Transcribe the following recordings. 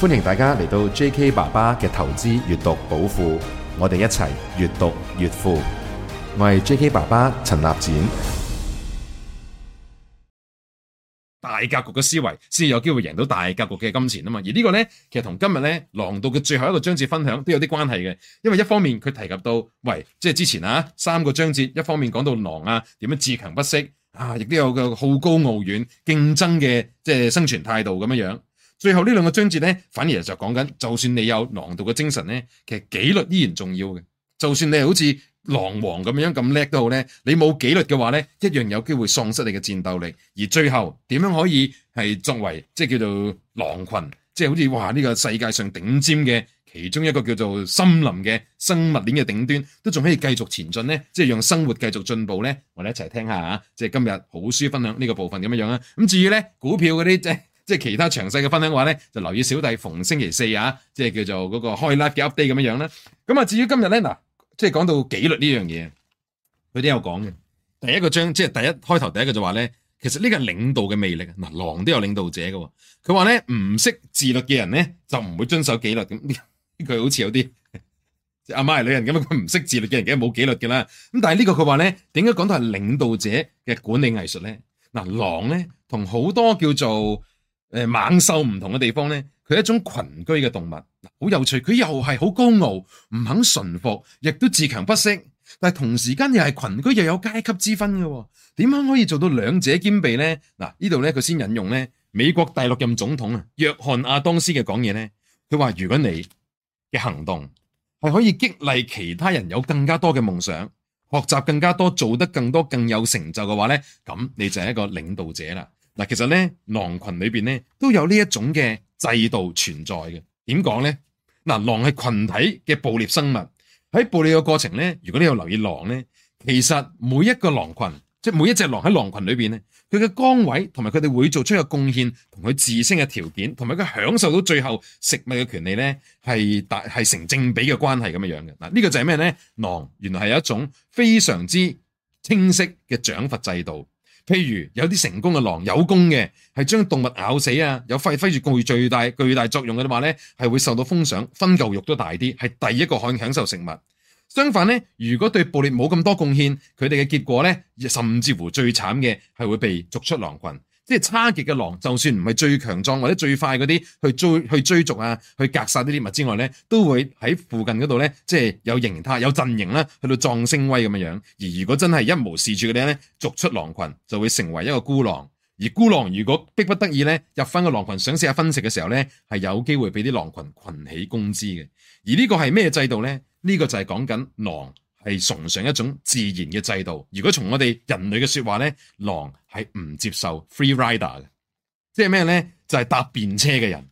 歡迎大家嚟到 J.K. 爸爸嘅投資閱讀寶庫，我哋一齊閱讀越富。我係 J.K. 爸爸陳立展。大格局嘅思維先有機會贏到大格局嘅金錢啊嘛！而呢個呢，其實同今日呢狼道嘅最後一個章節分享都有啲關係嘅。因為一方面佢提及到，喂，即係之前啊，三個章節一方面講到狼啊，點樣自強不息啊，亦都有個好高傲遠競爭嘅即係生存態度咁樣樣。最後呢兩個章節咧，反而就講緊，就算你有狼道嘅精神咧，其實紀律依然重要嘅。就算你係好似狼王咁樣咁叻都好咧，你冇紀律嘅話咧，一樣有機會喪失你嘅戰鬥力。而最後點樣可以係作為即係、就是、叫做狼群，即、就、係、是、好似話呢個世界上頂尖嘅其中一個叫做森林嘅生物鏈嘅頂端，都仲可以繼續前進咧，即、就、係、是、讓生活繼續進步咧。我哋一齊聽下即係、就是、今日好書分享呢個部分咁樣樣啊。咁至於咧股票嗰啲即係。即係其他詳細嘅分享嘅話咧，就留意小弟逢星期四啊，即係叫做嗰個開 live 嘅 update 咁樣樣啦。咁啊，至於今日咧，嗱，即係講到紀律呢樣嘢，佢都有講嘅。第一個章即係第一開頭第一個就話咧，其實呢個係領導嘅魅力嗱，狼都有領導者嘅。佢話咧，唔識自律嘅人咧，就唔會遵守紀律。咁佢好似有啲阿媽係女人咁啊，佢唔識自律嘅人梗係冇紀律嘅啦。咁但係呢個佢話咧，點解講到係領導者嘅管理藝術咧？嗱，狼咧同好多叫做～誒，猛獸唔同嘅地方呢，佢係一種群居嘅動物，好有趣。佢又係好高傲，唔肯馴服，亦都自強不息。但係同時間又係群居，又有階級之分嘅。點樣可以做到兩者兼備呢？嗱，呢度呢，佢先引用呢美國第六任總統啊約翰亞當斯嘅講嘢呢。佢話如果你嘅行動係可以激勵其他人有更加多嘅夢想，學習更加多，做得更多，更有成就嘅話呢，咁你就係一個領導者啦。嗱，其實咧，狼群裏面咧都有呢一種嘅制度存在嘅。點講咧？嗱，狼係群體嘅捕獵生物，喺捕獵嘅過程咧，如果你有留意狼咧，其實每一個狼群，即係每一隻狼喺狼群裏面咧，佢嘅崗位同埋佢哋會做出嘅貢獻同佢自身嘅條件，同埋佢享受到最後食物嘅權利咧，係係成正比嘅關係咁樣樣嘅。嗱，呢個就係咩咧？狼原來係一種非常之清晰嘅獎罰制度。譬如有啲成功嘅狼有功嘅，係將動物咬死啊，有揮揮住巨大巨大作用嘅話咧，係會受到封賞，分嚿肉都大啲，係第一個可以享受食物。相反咧，如果對捕獵冇咁多貢獻，佢哋嘅結果咧，甚至乎最慘嘅係會被逐出狼群。即係差極嘅狼，就算唔係最強壯或者最快嗰啲，去追去追逐啊，去隔殺啲物之外咧，都會喺附近嗰度咧，即係有形態有陣營咧，去到壯聲威咁樣樣。而如果真係一無是處嗰啲咧，逐出狼群就會成為一個孤狼。而孤狼如果逼不得已咧，入翻個狼群想試下分食嘅時候咧，係有機會俾啲狼群群起攻之嘅。而呢個係咩制度咧？呢個就係講緊狼。係崇尚一種自然嘅制度。如果從我哋人類嘅說話咧，狼係唔接受 free rider 嘅，即係咩咧？就係、是、搭便車嘅人。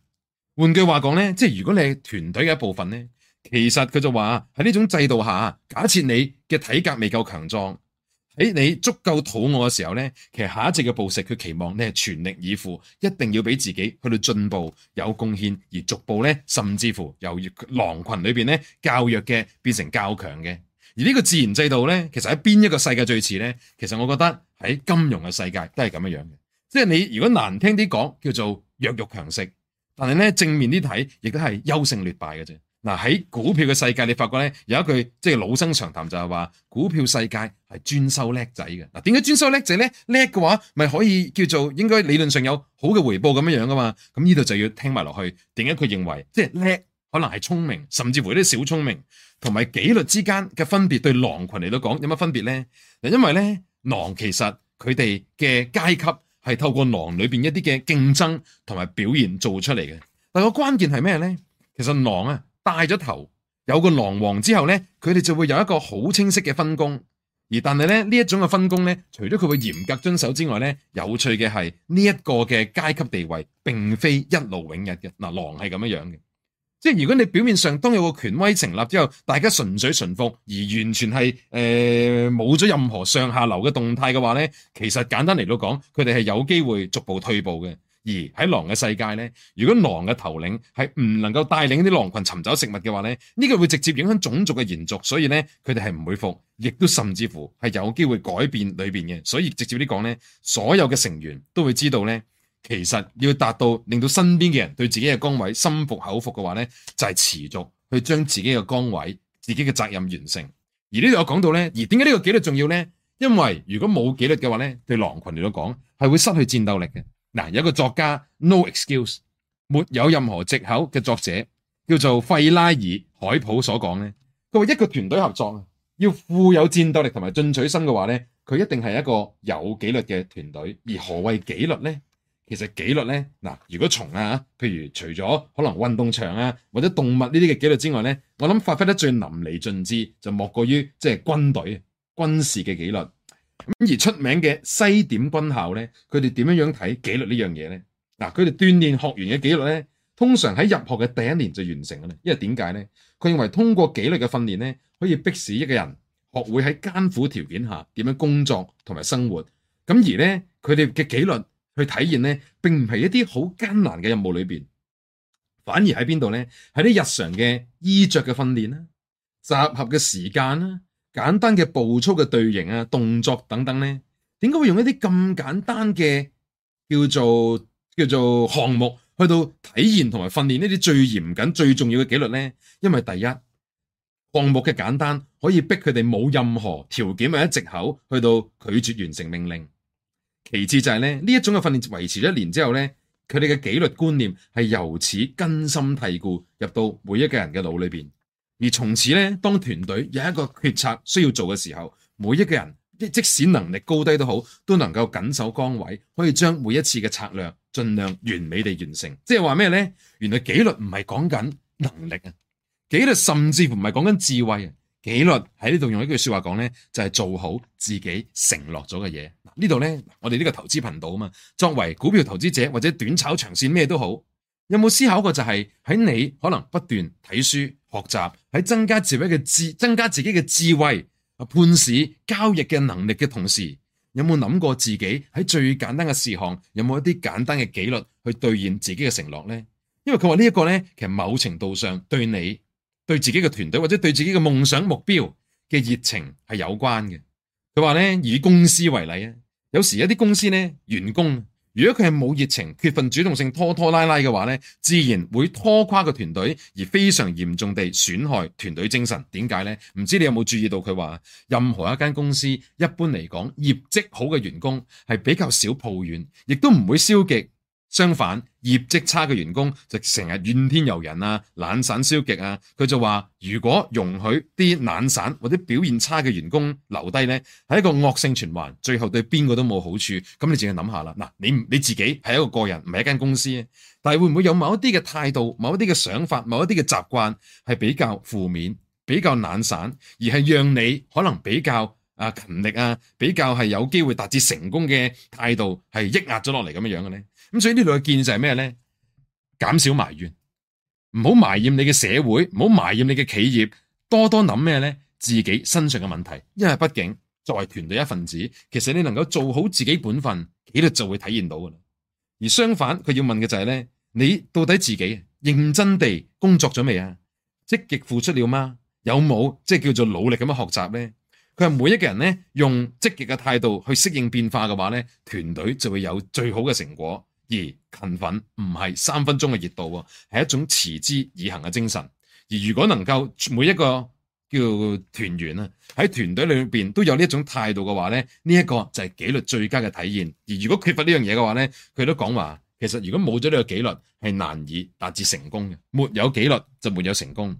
換句話講咧，即係如果你係團隊嘅一部分咧，其實佢就話喺呢種制度下，假設你嘅體格未夠強壯，喺你足夠肚餓嘅時候咧，其實下一隻嘅捕食佢期望你係全力以赴，一定要俾自己去到進步有貢獻，而逐步咧甚至乎由狼群裏邊咧較弱嘅變成較強嘅。而呢個自然制度呢，其實喺邊一個世界最似呢？其實我覺得喺金融嘅世界都係咁樣樣嘅，即係你如果難聽啲講叫做弱肉強食，但係呢正面啲睇，亦都係優勝劣敗嘅啫。嗱、啊、喺股票嘅世界，你發覺呢有一句即係老生常談，就係話股票世界係專收叻仔嘅。嗱，點解專收叻仔呢？叻嘅話咪可以叫做應該理論上有好嘅回報咁樣樣噶嘛？咁呢度就要聽埋落去，點解佢認為即係叻？可能係聰明，甚至乎啲小聰明同埋紀律之間嘅分別，對狼群嚟到講有乜分別呢？嗱，因為呢，狼其實佢哋嘅階級係透過狼裏邊一啲嘅競爭同埋表現做出嚟嘅。但個關鍵係咩呢？其實狼啊帶咗頭，有個狼王之後呢，佢哋就會有一個好清晰嘅分工。而但係咧呢一種嘅分工呢，除咗佢會嚴格遵守之外呢，有趣嘅係呢一個嘅階級地位並非一勞永逸嘅。嗱，狼係咁樣樣嘅。即係如果你表面上當有個權威成立之後，大家純粹順服，而完全係誒冇咗任何上下流嘅動態嘅話咧，其實簡單嚟到講，佢哋係有機會逐步退步嘅。而喺狼嘅世界咧，如果狼嘅頭領係唔能夠帶領啲狼群尋找食物嘅話咧，呢、呢個會直接影響種族嘅延續，所以咧佢哋係唔會服，亦都甚至乎係有機會改變裏邊嘅。所以直接啲講咧，所有嘅成員都會知道咧。其實要達到令到身邊嘅人對自己嘅崗位心服口服嘅話呢，就係持續去將自己嘅崗位、自己嘅責任完成。而呢度有講到呢，而點解呢個紀律重要呢？因為如果冇紀律嘅話呢，對狼群嚟到講係會失去戰鬥力嘅。嗱，有一個作家 No Excuse，沒有任何藉口嘅作者叫做費拉爾海普所講呢，佢話一個團隊合作要富有戰鬥力同埋進取心嘅話呢，佢一定係一個有紀律嘅團隊。而何謂紀律呢？其實紀律咧，嗱，如果從啊，譬如，除咗可能運動場啊或者動物呢啲嘅紀律之外咧，我諗發揮得最淋漓盡致就莫過於即係軍隊軍事嘅紀律。咁而出名嘅西點軍校咧，佢哋點樣樣睇紀律呢樣嘢咧？嗱，佢哋鍛煉學員嘅紀律咧，通常喺入學嘅第一年就完成嘅咧。因為點解咧？佢認為通過紀律嘅訓練咧，可以迫使一個人學會喺艱苦條件下點樣工作同埋生活。咁而咧，佢哋嘅紀律。去體驗咧，並唔係一啲好艱難嘅任務裏邊，反而喺邊度咧？喺啲日常嘅衣着嘅訓練啦、集合嘅時間啦、簡單嘅步操嘅隊形啊、動作等等咧，點解會用一啲咁簡單嘅叫做叫做項目去到體驗同埋訓練呢啲最嚴謹最重要嘅紀律咧？因為第一項目嘅簡單可以逼佢哋冇任何條件或者藉口去到拒絕完成命令。其次就係咧，呢一種嘅訓練維持一年之後咧，佢哋嘅紀律觀念係由此根深蒂固入到每一個人嘅腦裏邊，而從此咧，當團隊有一個決策需要做嘅時候，每一個人，即使能力高低都好，都能夠緊守崗位，可以將每一次嘅策略盡量完美地完成。即係話咩咧？原來紀律唔係講緊能力啊，紀律甚至乎唔係講緊智慧啊。紀律喺呢度用一句話說話講呢，就係、是、做好自己承諾咗嘅嘢。呢度呢，我哋呢個投資頻道啊嘛，作為股票投資者或者短炒長線咩都好，有冇思考過就係喺你可能不斷睇書學習，喺增，增加自己嘅智增加自己嘅智慧，啊判市交易嘅能力嘅同時，有冇諗過自己喺最簡單嘅事項，有冇一啲簡單嘅紀律去兌現自己嘅承諾呢？因為佢話呢一個呢，其實某程度上對你。對自己嘅團隊或者對自己嘅夢想目標嘅熱情係有關嘅。佢話呢，以公司為例，有時一啲公司呢，員工如果佢係冇熱情、缺乏主動性、拖拖拉拉嘅話呢，自然會拖垮個團隊，而非常嚴重地損害團隊精神。點解呢？唔知你有冇注意到佢話，佢話任何一間公司，一般嚟講，業績好嘅員工係比較少抱怨，亦都唔會消極。相反，業績差嘅員工就成日怨天尤人啊，懶散消極啊。佢就話，如果容許啲懶散或者表現差嘅員工留低呢，係一個惡性循環，最後對邊個都冇好處。咁你自己諗下啦。嗱，你你自己係一個個人，唔係一間公司，但係會唔會有某一啲嘅態度、某一啲嘅想法、某一啲嘅習慣係比較負面、比較懶散，而係讓你可能比較啊勤力啊，比較係有機會達至成功嘅態度係抑壓咗落嚟，咁樣嘅呢？咁所以呢兩個建議就係咩咧？減少埋怨，唔好埋怨你嘅社會，唔好埋怨你嘅企業，多多諗咩咧？自己身上嘅問題，因為畢竟作為團隊一份子，其實你能夠做好自己本分，紀律就會體現到噶啦。而相反，佢要問嘅就係咧，你到底自己認真地工作咗未啊？積極付出了嗎？有冇即係叫做努力咁樣學習咧？佢係每一個人咧，用積極嘅態度去適應變化嘅話咧，團隊就會有最好嘅成果。而勤奮唔係三分鐘嘅熱度，係一種持之以恆嘅精神。而如果能夠每一個叫團員啦，喺團隊裏邊都有呢一種態度嘅話咧，呢一個就係紀律最佳嘅體現。而如果缺乏呢樣嘢嘅話咧，佢都講話其實如果冇咗呢個紀律係難以達至成功嘅，沒有紀律就沒有成功。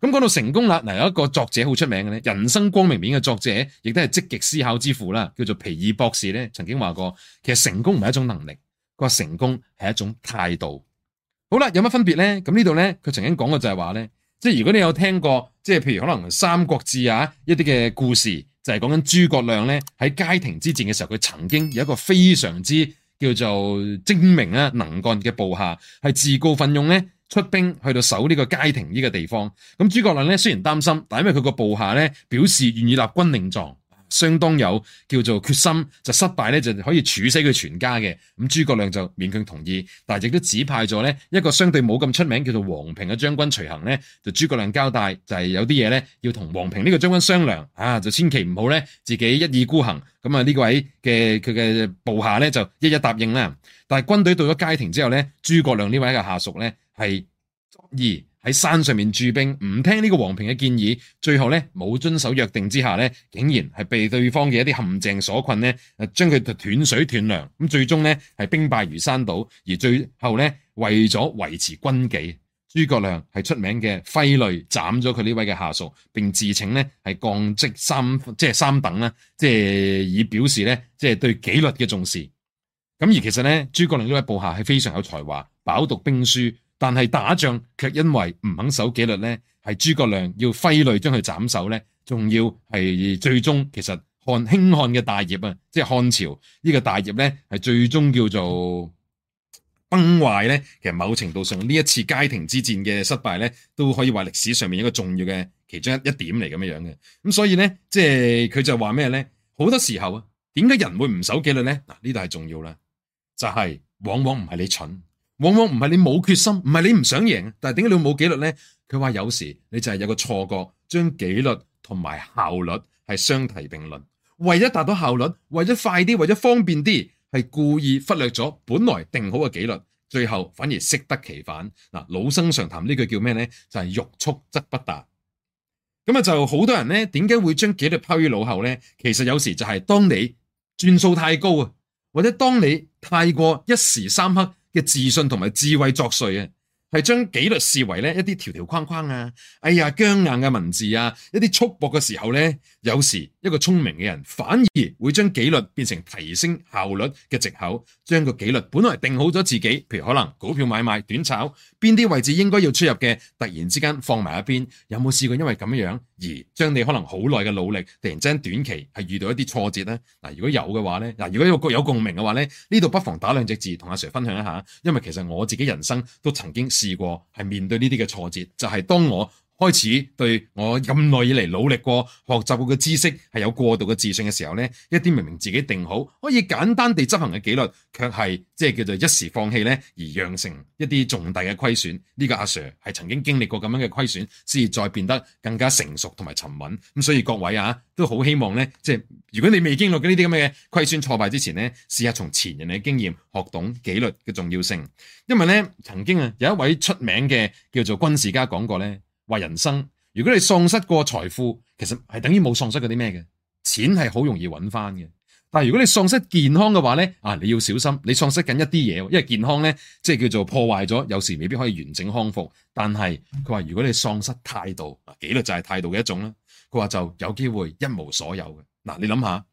咁講到成功啦，嗱，有一個作者好出名嘅咧，人生光明面嘅作者亦都係積極思考之父啦，叫做皮爾博士咧，曾經話過，其實成功唔係一種能力。個成功係一種態度。好啦，有乜分別咧？咁呢度咧，佢曾經講過就係話咧，即係如果你有聽過，即係譬如可能三國志啊一啲嘅故事，就係講緊諸葛亮咧喺街亭之戰嘅時候，佢曾經有一個非常之叫做精明啊能幹嘅部下，係自告奮勇咧出兵去到守呢個街亭呢個地方。咁諸葛亮咧雖然擔心，但係因為佢個部下咧表示願意立軍令狀。相當有叫做決心，就失敗咧，就可以處死佢全家嘅。咁諸葛亮就勉強同意，但係亦都指派咗咧一個相對冇咁出名叫做王平嘅將軍隨行咧，就諸葛亮交代就係有啲嘢咧要同王平呢個將軍商量啊，就千祈唔好咧自己一意孤行。咁啊呢位嘅佢嘅部下咧就一一答應啦。但係軍隊到咗街亭之後咧，諸葛亮呢位嘅下屬咧係意。喺山上面駐兵，唔聽呢個王平嘅建議，最後呢，冇遵守約定之下呢，竟然係被對方嘅一啲陷阱所困呢將將佢斷水斷糧，咁最終呢，係兵敗如山倒，而最後呢，為咗維持軍紀，諸葛亮係出名嘅揮淚斬咗佢呢位嘅下屬，並自請呢係降職三即係三等啦，即係以表示呢，即係對紀律嘅重視。咁而其實呢，諸葛亮呢位部下係非常有才華，飽讀兵書。但係打仗卻因為唔肯守紀律咧，係諸葛亮要揮淚將佢斬首咧，仲要係最終其實漢興漢嘅大業啊，即係漢朝呢個大業咧，係最終叫做崩壞咧。其實某程度上呢一次街亭之戰嘅失敗咧，都可以話歷史上面一個重要嘅其中一一點嚟，咁樣樣嘅。咁所以咧，即係佢就話咩咧？好多時候啊，點解人會唔守紀律咧？嗱，呢度係重要啦，就係、是、往往唔係你蠢。往往唔係你冇決心，唔係你唔想贏，但係點解你冇紀律呢？佢話有時你就係有個錯覺，將紀律同埋效率係相提並論，為咗達到效率，為咗快啲，為咗方便啲，係故意忽略咗本來定好嘅紀律，最後反而適得其反。嗱，老生常談呢句叫咩呢？就係欲速則不達。咁啊，就好多人呢，點解會將紀律拋於腦後呢？其實有時就係當你轉數太高啊，或者當你太過一時三刻。嘅自信同埋智慧作祟啊，係將紀律視為咧一啲條條框框啊，哎呀僵硬嘅文字啊，一啲束縛嘅時候呢，有時一個聰明嘅人反而會將紀律變成提升效率嘅借口，將個紀律本來定好咗自己，譬如可能股票買賣短炒邊啲位置應該要出入嘅，突然之間放埋一邊，有冇試過因為咁樣？而將你可能好耐嘅努力，突然間短期係遇到一啲挫折呢。嗱，如果有嘅話呢，嗱，如果有有共鳴嘅話呢，呢度不妨打兩隻字同阿 Sir 分享一下，因為其實我自己人生都曾經試過係面對呢啲嘅挫折，就係當我。開始對我咁耐以嚟努力過、學習過嘅知識係有過度嘅自信嘅時候呢，一啲明明自己定好可以簡單地執行嘅紀律，卻係即係叫做一時放棄呢，而釀成一啲重大嘅虧損。呢、這個阿 Sir 係曾經經歷過咁樣嘅虧損，先至再變得更加成熟同埋沉穩咁。所以各位啊，都好希望呢，即係如果你未經歷過呢啲咁嘅虧損挫敗之前呢，試下從前人嘅經驗學懂紀律嘅重要性，因為呢，曾經啊有一位出名嘅叫做軍事家講過呢。話人生，如果你喪失過財富，其實係等於冇喪失嗰啲咩嘅，錢係好容易揾翻嘅。但係如果你喪失健康嘅話咧，啊你要小心，你喪失緊一啲嘢，因為健康咧即係叫做破壞咗，有時未必可以完整康復。但係佢話如果你喪失態度，紀律就係態度嘅一種啦。佢話就有機會一無所有嘅。嗱，啊，你諗下，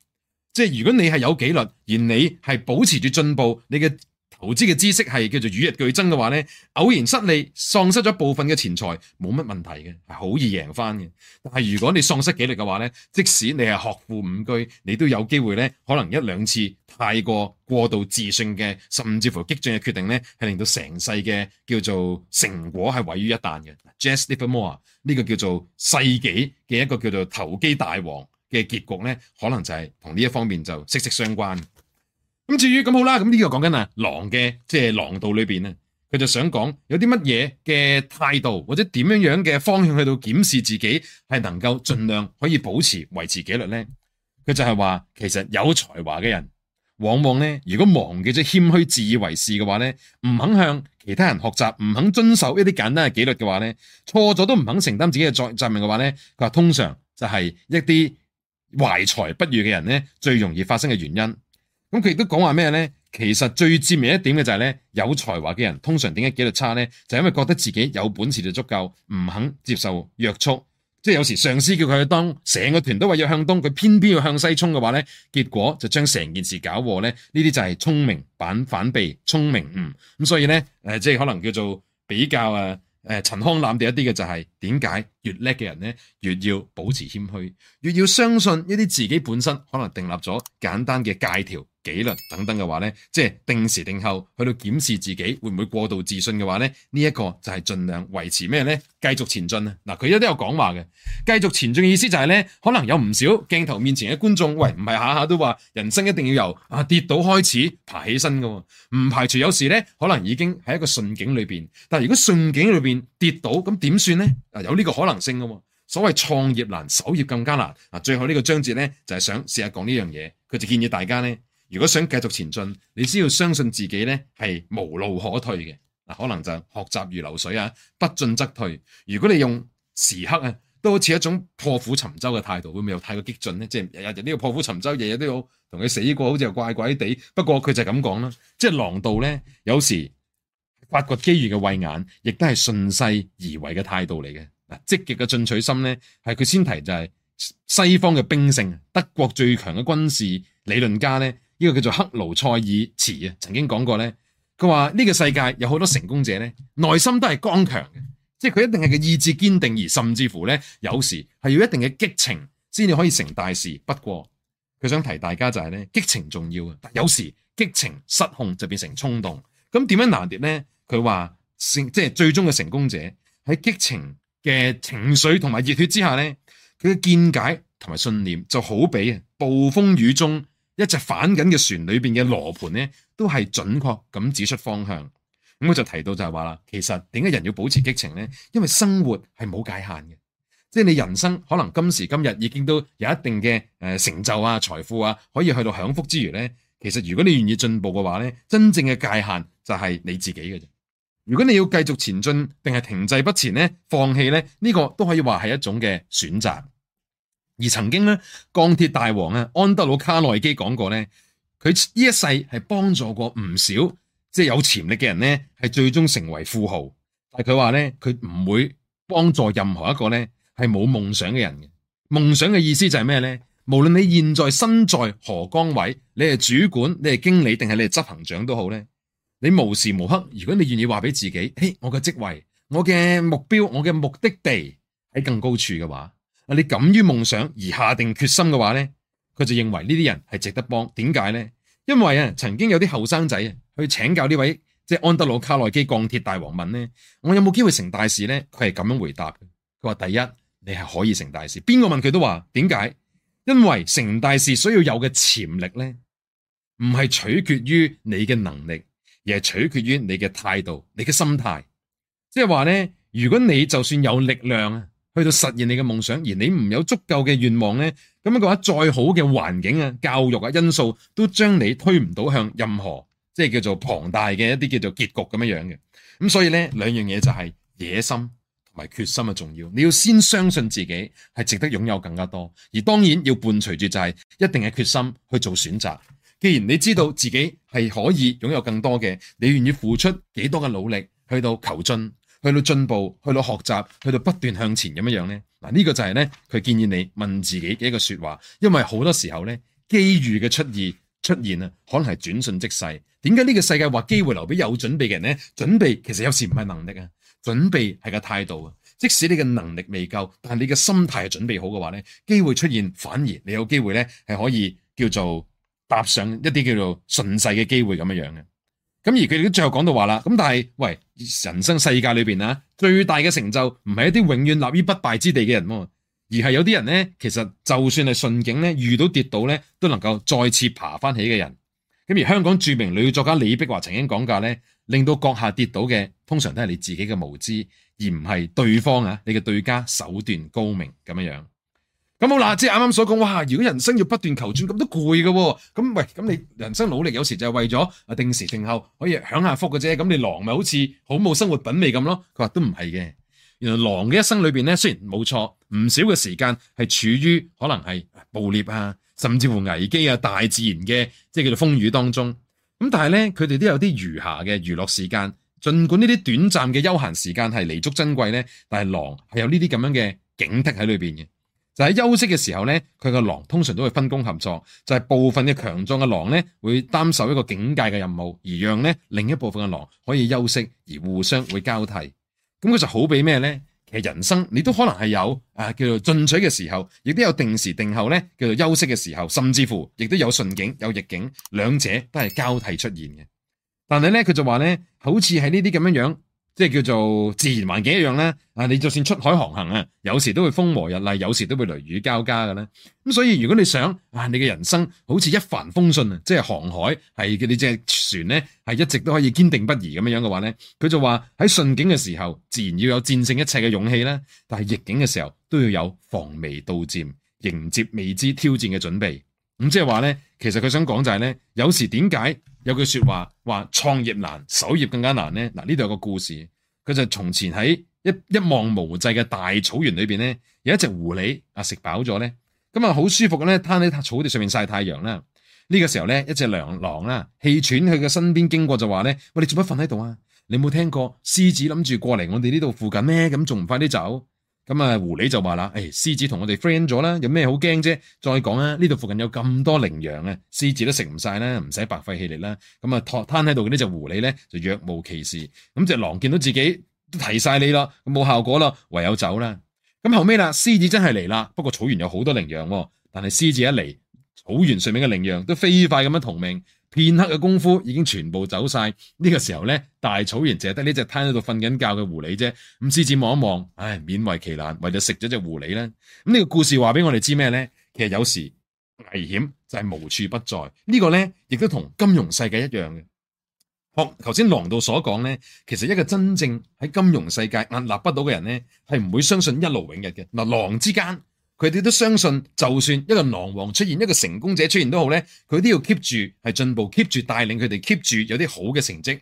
即係如果你係有紀律，而你係保持住進步，你嘅。投知嘅知識係叫做與日俱增嘅話咧，偶然失利，喪失咗部分嘅錢財，冇乜問題嘅，係好易贏翻嘅。但係如果你喪失紀力嘅話咧，即使你係學富五居你都有機會咧，可能一兩次太過過度自信嘅，甚至乎激進嘅決定咧，係令到成世嘅叫做成果係毀於一旦嘅。j e s s e l i r m o r e 呢個叫做世紀嘅一個叫做投機大王嘅結局咧，可能就係同呢一方面就息息相關。咁至於咁好啦，咁、這、呢個講緊啊狼嘅，即係狼道裏邊咧，佢就想講有啲乜嘢嘅態度或者點樣樣嘅方向去到檢視自己係能夠盡量可以保持維持紀律咧？佢就係話，其實有才華嘅人往往咧，如果忘記咗謙虛自以為是嘅話咧，唔肯向其他人學習，唔肯遵守一啲簡單嘅紀律嘅話咧，錯咗都唔肯承擔自己嘅責責任嘅話咧，佢話通常就係一啲懷才不遇嘅人咧，最容易發生嘅原因。咁佢亦都講話咩咧？其實最致命一點嘅就係、是、咧，有才華嘅人通常點解紀律差咧？就是、因為覺得自己有本事就足夠，唔肯接受約束。即係有時上司叫佢去當成個團都話要向東，佢偏偏要向西衝嘅話咧，結果就將成件事搞禍咧。呢啲就係聰明反反被聰明誤咁、嗯，所以咧誒、呃，即係可能叫做比較啊。誒、呃、陳腔濫調一啲嘅就係點解？越叻嘅人咧，越要保持謙虛，越要相信一啲自己本身可能訂立咗簡單嘅戒條、紀律等等嘅話咧，即係定時定候去到檢視自己會唔會過度自信嘅話咧，呢、這、一個就係盡量維持咩咧？繼續前進咧。嗱、啊，佢一都有講話嘅，繼續前進嘅意思就係、是、咧，可能有唔少鏡頭面前嘅觀眾，喂，唔係下下都話人生一定要由啊跌倒開始爬起身噶，唔排除有時咧可能已經喺一個順境裏邊，但係如果順境裏邊跌倒咁點算咧？啊，有呢個可能。能所謂創業難，守業更加難啊。最後呢個章節呢，就係想試下講呢樣嘢，佢就建議大家呢，如果想繼續前進，你先要相信自己呢係無路可退嘅。可能就學習如流水啊，不進則退。如果你用時刻啊，都好似一種破釜沉舟嘅態度，會唔會有太過激進呢？即係日日呢個破釜沉舟，日日都有同佢死過，好似又怪怪地。不過佢就咁講啦，即係狼道呢，有時發掘機遇嘅慧眼，亦都係順勢而為嘅態度嚟嘅。積極嘅進取心咧，係佢先提就係西方嘅兵聖，德國最強嘅軍事理論家咧，呢個叫做克勞塞爾茨啊，曾經講過咧，佢話呢個世界有好多成功者咧，內心都係剛強嘅，即係佢一定係個意志堅定而，而甚至乎咧，有時係要一定嘅激情先至可以成大事。不過佢想提大家就係咧，激情重要啊，但有時激情失控就變成衝動。咁點樣拿捏咧？佢話成即係最終嘅成功者喺激情嘅情緒同埋熱血之下呢佢嘅見解同埋信念就好比暴風雨中一隻反緊嘅船裡邊嘅羅盤呢都係準確咁指出方向。咁我就提到就係話啦，其實點解人要保持激情呢？因為生活係冇界限嘅，即係你人生可能今時今日已經都有一定嘅誒成就啊、財富啊，可以去到享福之餘呢。其實如果你願意進步嘅話呢真正嘅界限就係你自己嘅如果你要繼續前進，定係停滯不前呢？放棄呢，呢個都可以話係一種嘅選擇。而曾經呢，鋼鐵大王啊，安德魯卡內基講過呢，佢呢一世係幫助過唔少即係有潛力嘅人呢，係最終成為富豪。但佢話呢，佢唔會幫助任何一個呢，係冇夢想嘅人嘅。夢想嘅意思就係咩呢？無論你現在身在何崗位，你係主管、你係經理定係你係執行長都好呢。你無時無刻，如果你願意話俾自己，誒，我嘅職位、我嘅目標、我嘅目的地喺更高處嘅話，啊，你敢於夢想而下定決心嘅話咧，佢就認為呢啲人係值得幫。點解咧？因為啊，曾經有啲後生仔去請教呢位即係安德魯卡內基鋼鐵大王問咧，我有冇機會成大事咧？佢係咁樣回答，佢話第一，你係可以成大事。邊個問佢都話，點解？因為成大事需要有嘅潛力咧，唔係取決於你嘅能力。亦係取決於你嘅態度、你嘅心態，即係話咧，如果你就算有力量啊，去到實現你嘅夢想，而你唔有足夠嘅願望咧，咁樣嘅話，再好嘅環境啊、教育啊、因素，都將你推唔到向任何即係叫做龐大嘅一啲叫做結局咁樣樣嘅。咁所以咧，兩樣嘢就係野心同埋決心嘅重要。你要先相信自己係值得擁有更加多，而當然要伴隨住就係一定嘅決心去做選擇。既然你知道自己係可以擁有更多嘅，你願意付出幾多嘅努力去到求進、去到進步、去到學習、去到不斷向前咁樣樣呢？嗱，呢個就係咧，佢建議你問自己嘅一個說話，因為好多時候咧，機遇嘅出現出現啊，可能係轉瞬即逝。點解呢個世界話機會留俾有準備嘅人呢？準備其實有時唔係能力啊，準備係個態度啊。即使你嘅能力未夠，但係你嘅心態係準備好嘅話咧，機會出現反而你有機會咧係可以叫做。搭上一啲叫做順勢嘅機會咁樣樣嘅，咁而佢哋都最後講到話啦，咁但係喂，人生世界裏邊啊，最大嘅成就唔係一啲永遠立於不敗之地嘅人，而係有啲人咧，其實就算係順境咧，遇到跌倒咧，都能夠再次爬翻起嘅人。咁而香港著名女作家李碧華曾經講過咧，令到閣下跌倒嘅，通常都係你自己嘅無知，而唔係對方啊，你嘅對家手段高明咁樣樣。咁好啦，即係啱啱所講哇，如果人生要不斷求轉咁都攰嘅喎，咁喂咁你人生努力有時就係為咗啊定時定候可以享下福嘅啫。咁你狼咪好似好冇生活品味咁咯？佢話都唔係嘅，原來狼嘅一生裏邊咧，雖然冇錯唔少嘅時間係處於可能係暴獵啊，甚至乎危機啊，大自然嘅即係叫做風雨當中。咁但係咧，佢哋都有啲餘暇嘅娛樂時間。盡管呢啲短暫嘅休閒時間係彌足珍貴咧，但係狼係有呢啲咁樣嘅警惕喺裏邊嘅。但休息嘅時候咧，佢個狼通常都會分工合作，就係部分嘅強壯嘅狼咧會擔受一個警戒嘅任務，而讓咧另一部分嘅狼可以休息，而互相會交替。咁佢就好比咩咧？其實人生你都可能係有啊，叫做進取嘅時候，亦都有定時定候咧，叫做休息嘅時候，甚至乎亦都有順境有逆境，兩者都係交替出現嘅。但係咧，佢就話咧，好似係呢啲咁樣樣。即係叫做自然環境一樣咧，啊，你就算出海航行啊，有時都會風和日麗，有時都會雷雨交加嘅咧。咁所以如果你想啊，你嘅人生好似一帆風順啊，即係航海係你隻船咧，係一直都可以堅定不移咁樣樣嘅話咧，佢就話喺順境嘅時候，自然要有戰勝一切嘅勇氣啦。但係逆境嘅時候，都要有防微杜漸、迎接未知挑戰嘅準備。咁即係話咧，其實佢想講就係咧，有時點解？有句話說話話創業難，守業更加難呢。嗱呢度有個故事，佢就從前喺一一望無際嘅大草原裏邊咧，有一隻狐狸啊食飽咗咧，咁啊好舒服嘅咧，攤喺草地上面曬太陽啦。呢個時候咧，一隻狼啦氣喘，佢嘅身邊經過就話咧：喂，我哋做乜瞓喺度啊？你有冇聽過獅子諗住過嚟我哋呢度附近咩？咁仲唔快啲走？咁啊，狐狸就話啦，誒、哎，獅子同我哋 friend 咗啦，有咩好驚啫？再講啦，呢度附近有咁多羚羊啊，獅子都食唔晒啦，唔使白費氣力啦。咁啊，攤喺度嘅呢隻狐狸咧，就若無其事。咁隻狼見到自己都提晒你咯，冇效果咯，唯有走啦。咁後尾啦，獅子真係嚟啦，不過草原有好多羚羊，但係獅子一嚟，草原上面嘅羚羊都飛快咁樣同命。片刻嘅功夫已經全部走晒，呢、這個時候咧，大草原淨係得呢隻攤喺度瞓緊覺嘅狐狸啫。咁獅子望一望，唉、哎，勉為其難，為咗食咗隻狐狸咧。咁、這、呢個故事話俾我哋知咩咧？其實有時危險就係、是、無處不在。這個、呢個咧亦都同金融世界一樣嘅。學頭先狼道所講咧，其實一個真正喺金融世界屹立不倒嘅人咧，係唔會相信一勞永逸嘅嗱。狼之間。佢哋都相信，就算一個狼王出現，一個成功者出現都好咧，佢都要 keep 住係進步，keep 住帶領佢哋，keep 住有啲好嘅成績，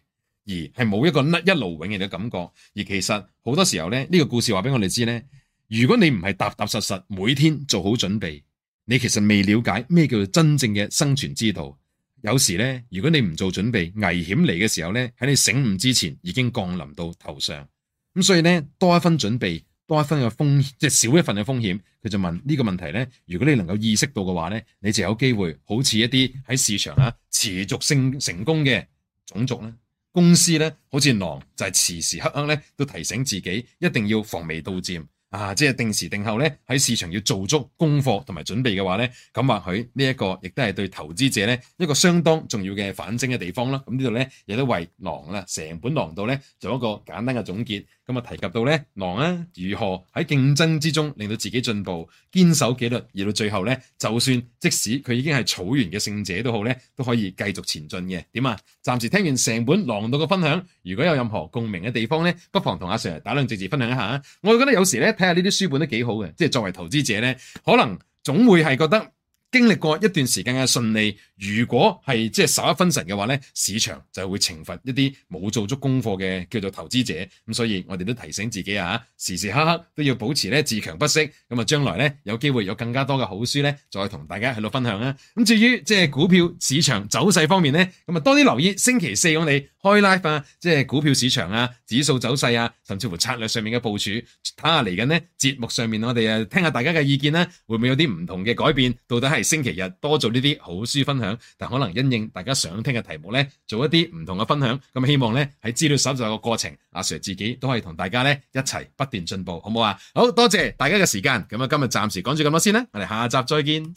而係冇一個甩一勞永逸嘅感覺。而其實好多時候咧，呢個故事話俾我哋知咧，如果你唔係踏踏實實每天做好準備，你其實未了解咩叫做真正嘅生存之道。有時咧，如果你唔做準備，危險嚟嘅時候咧，喺你醒悟之前已經降臨到頭上。咁所以咧，多一分準備。多一分嘅風險，即係少一份嘅風險。佢就問呢個問題呢：如果你能夠意識到嘅話呢，你就有機會好似一啲喺市場啊持續性成功嘅種族呢、公司呢，好似狼就係、是，時時刻刻咧都提醒自己一定要防微杜漸啊！即係定時定候呢喺市場要做足功課同埋準備嘅話呢，咁或許呢一個亦都係對投資者呢一個相當重要嘅反省嘅地方啦。咁呢度呢，亦都為狼啦，成本狼道呢，做一個簡單嘅總結。咁啊，提及到咧狼啊，如何喺競爭之中令到自己進步，堅守紀律，而到最後咧，就算即使佢已經係草原嘅勝者都好咧，都可以繼續前進嘅。點啊？暫時聽完成本狼道嘅分享，如果有任何共鳴嘅地方咧，不妨同阿 Sir 打兩隻字分享一下。我覺得有時咧，睇下呢啲書本都幾好嘅，即係作為投資者咧，可能總會係覺得經歷過一段時間嘅順利。如果係即係稍一分神嘅話呢，市場就會懲罰一啲冇做足功課嘅叫做投資者。咁所以我哋都提醒自己啊，時時刻刻都要保持咧自強不息。咁啊，將來呢，有機會有更加多嘅好書呢，再同大家去到分享啊。咁至於即係股票市場走勢方面呢，咁啊多啲留意。星期四我哋開 live 啊，即係股票市場啊，指數走勢啊，甚至乎策略上面嘅部署。睇下嚟緊呢節目上面我哋啊聽下大家嘅意見啦，會唔會有啲唔同嘅改變？到底係星期日多做呢啲好書分享。但可能因應大家想聽嘅題目呢，做一啲唔同嘅分享。咁希望呢，喺資料搜集嘅過程，阿 Sir 自己都可以同大家呢一齊不斷進步，好唔好啊？好多謝大家嘅時間。咁啊，今日暫時講住咁多先啦，我哋下集再見。